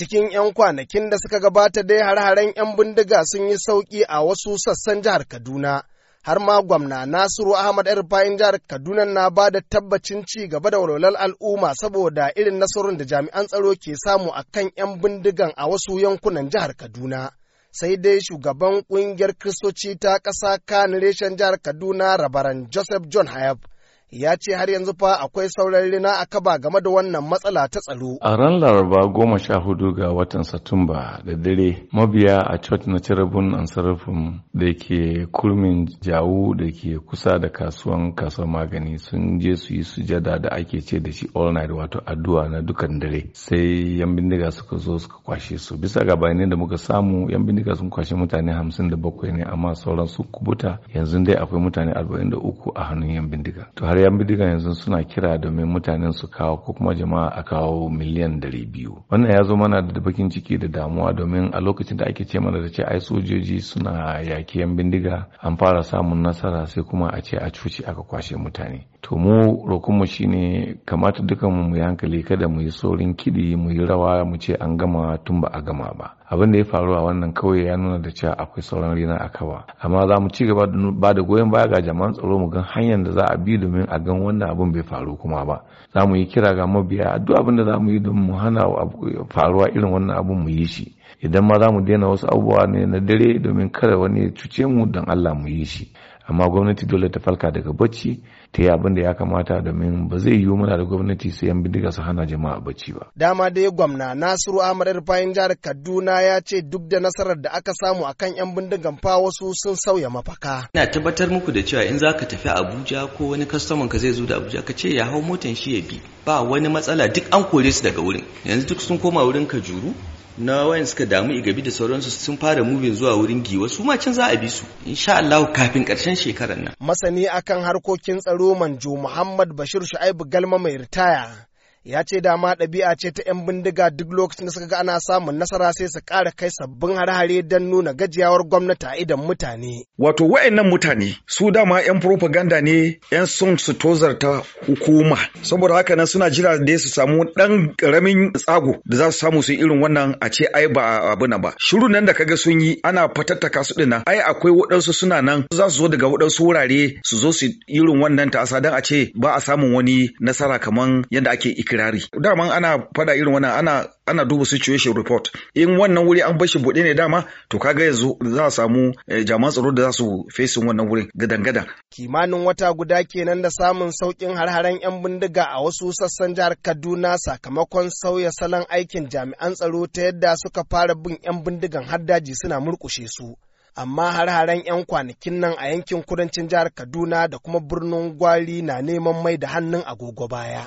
Cikin 'yan kwanakin da suka gabata dai har-haren 'yan bindiga sun yi sauƙi a wasu sassan jihar Kaduna. har ma gwamna Nasiru Ahmad Erfayin jihar Kaduna na ba da tabbacin ci gaba da walwalar al'umma saboda irin nasarorin da jami'an tsaro ke samu a kan 'yan bindigan a wasu yankunan jihar Kaduna. Sai dai shugaban ƙungiyar kiristoci ta ƙasa kan reshen jihar Kaduna Rabaran Joseph John Hayab ya ce har yanzu fa akwai sauran rina a kaba game da wannan matsala ta tsaro. A ran Laraba goma sha hudu ga watan Satumba da dare mabiya a Church na carabin Ansarufin da ke kurmin jawu da ke kusa da kasuwan kasuwar magani sun je su yi sujada da ake ce da shi all night wato addu'a na dukan dare sai yan bindiga suka zo suka kwashe su bisa ga bayanai da muka samu yan bindiga sun kwashe mutane hamsin da bakwai ne amma sauran sun kubuta yanzu dai akwai mutane arba'in da uku a hannun yan bindiga to har 'yan bidigan yanzu suna kira domin mutanen su kawo ko kuma jama'a a kawo miliyan dari biyu wannan ya zo mana da bakin ciki da damuwa domin a lokacin da ake ce mana da ce ai sojoji suna yaki 'yan bindiga an fara samun nasara sai kuma a ce a cuci aka kwashe mutane to mu rokunmu shine kamata dukan mu yi hankali kada mu yi saurin kiɗi mu yi rawa mu ce an gama tun ba a gama ba abin da ya faru a wannan kawai ya nuna da cewa akwai sauran rina a kawa amma za mu ci gaba ba da goyon baya ga jama'an tsaro mu gan hanyar da za a bi domin a gan wannan abin bai faru kuma ba za mu yi kira ga mabiya duk abin da za mu yi don mu hana faruwa irin wannan abin mu yi shi idan ma za mu daina wasu abubuwa ne na dare domin kada wani ya cuce mu don Allah mu yi shi amma gwamnati dole ta falka daga bacci ta yi abin da ya kamata domin ba zai yiwu mana da gwamnati su yan bindiga su hana jama'a bacci ba. Dama dai gwamna Nasiru Ahmad Fayin jihar Kaduna ya ce duk da nasarar da aka samu a kan yan bindigan fa wasu sun sauya mafaka. Ina tabbatar muku da cewa in za ka tafi Abuja ko wani kastoman ka zai zo da Abuja ka ce ya hau motan shi ya bi ba wani matsala duk an kore su daga wurin yanzu duk sun koma wurin Kajuru na wayan suka damu igabi da sauransu sun fara mubin zuwa wurin giwa su ma can za a bi su insha Allah kafin karshen shekarar nan masani akan harkokin tsaro manjo Muhammad Bashir Shu'aibu Galma mai ritaya ya ce dama ɗabi'a ce ta 'yan bindiga duk lokacin da suka ga ana samun nasara sai su ƙara kai sabbin hare-hare don nuna gajiyawar gwamnati a idan mutane. Wato wa'annan mutane su dama 'yan propaganda ne 'yan son su tozarta hukuma saboda haka nan suna jira da su samu ɗan ƙaramin tsago da za su samu su irin wannan a ce ai ba abu na ba. Shiru nan da kaga sun yi ana fatattaka su ɗina ai akwai waɗansu suna nan za su zo daga waɗansu wurare su zo su irin wannan ta'asa don a ce ba a samun wani nasara kamar yadda ake kirari daman ana fada irin wannan ana ana duba situation report in wannan wuri an bashi buɗe ne dama to kaga yanzu za a samu eh, jami'an tsaro da za su fesin wannan wurin gadan-gadan kimanin wata guda kenan da samun saukin har 'yan bindiga a wasu sassan jihar kaduna sakamakon sauya salon aikin jami'an tsaro ta yadda suka fara bin 'yan bindigan har daji suna murkushe su amma har-haren 'yan kwanakin nan a yankin kudancin jihar Kaduna da kuma birnin Gwari na neman mai da hannun agogo baya.